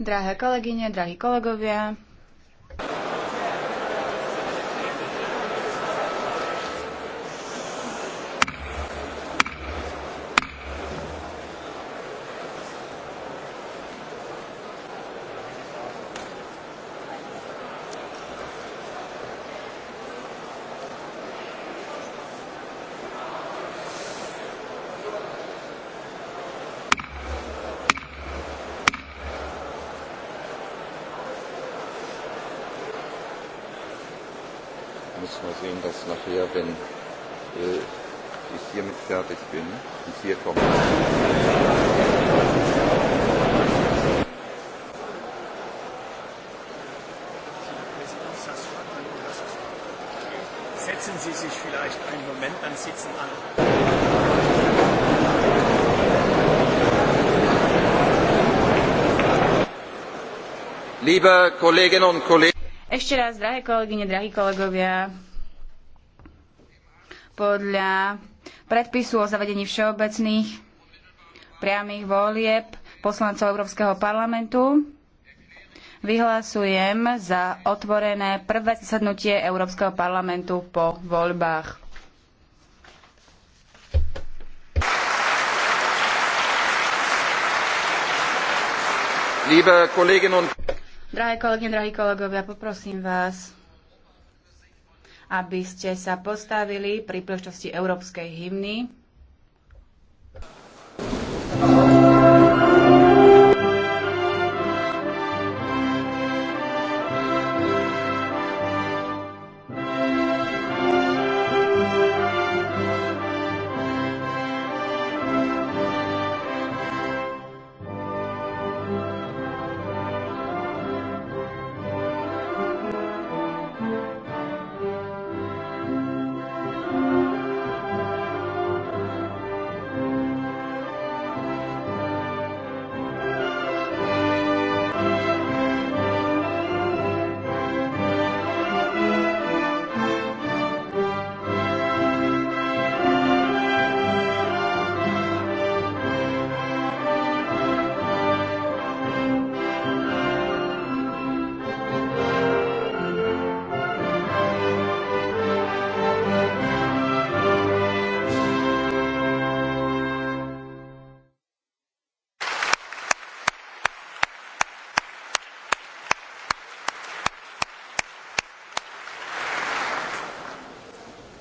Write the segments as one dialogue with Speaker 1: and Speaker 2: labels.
Speaker 1: Drahé kolegyne, drahí kolegovia, müssen wir sehen, dass nachher, wenn äh, ich hiermit fertig bin, und hier kommt. Setzen Sie sich vielleicht einen Moment dann Sitzen an. Liebe Kolleginnen und Kollegen, ešte raz, drahé kolegyne, drahí kolegovia, podľa predpisu o zavedení všeobecných priamých volieb poslancov Európskeho parlamentu vyhlasujem za otvorené prvé zasadnutie Európskeho parlamentu po voľbách. Liebe Kolleginnen und Drahé kolegy, drahí kolegovia, poprosím vás, aby ste sa postavili pri príležitosti európskej hymny.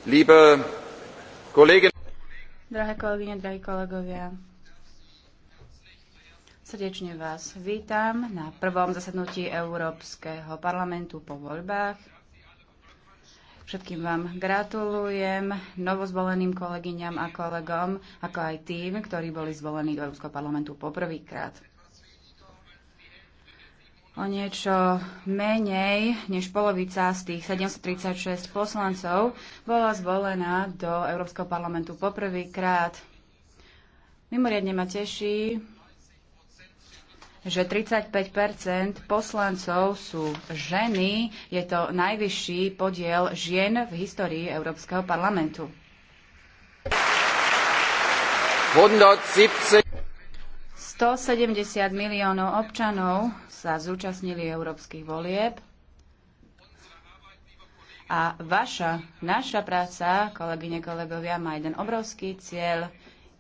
Speaker 1: Liebe Drahé kolegyne, drahí kolegovia, srdečne vás vítam na prvom zasadnutí Európskeho parlamentu po voľbách. Všetkým vám gratulujem, novozvoleným kolegyňam a kolegom, ako aj tým, ktorí boli zvolení do Európskeho parlamentu poprvýkrát o niečo menej než polovica z tých 736 poslancov bola zvolená do Európskeho parlamentu poprvýkrát. Mimoriadne ma teší, že 35 poslancov sú ženy. Je to najvyšší podiel žien v histórii Európskeho parlamentu. 117 170 miliónov občanov sa zúčastnili európskych volieb a vaša, naša práca, kolegyne, kolegovia, má jeden obrovský cieľ.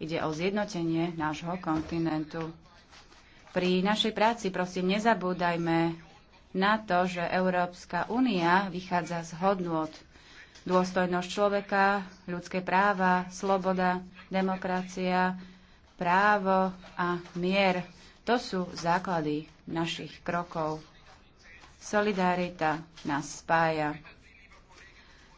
Speaker 1: Ide o zjednotenie nášho kontinentu. Pri našej práci prosím nezabúdajme na to, že Európska únia vychádza z hodnot Dôstojnosť človeka, ľudské práva, sloboda, demokracia, právo a mier. To sú základy našich krokov. Solidarita nás spája.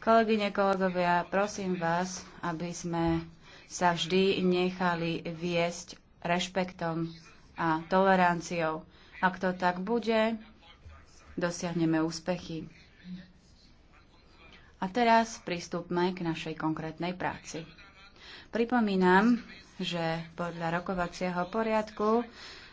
Speaker 1: Kolegyne, kolegovia, prosím vás, aby sme sa vždy nechali viesť rešpektom a toleranciou. Ak to tak bude, dosiahneme úspechy. A teraz pristúpme k našej konkrétnej práci. Pripomínam, že podľa rokovacieho poriadku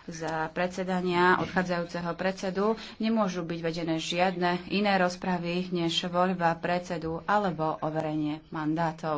Speaker 1: za predsedania odchádzajúceho predsedu nemôžu byť vedené žiadne iné rozpravy než voľba predsedu alebo overenie mandátov.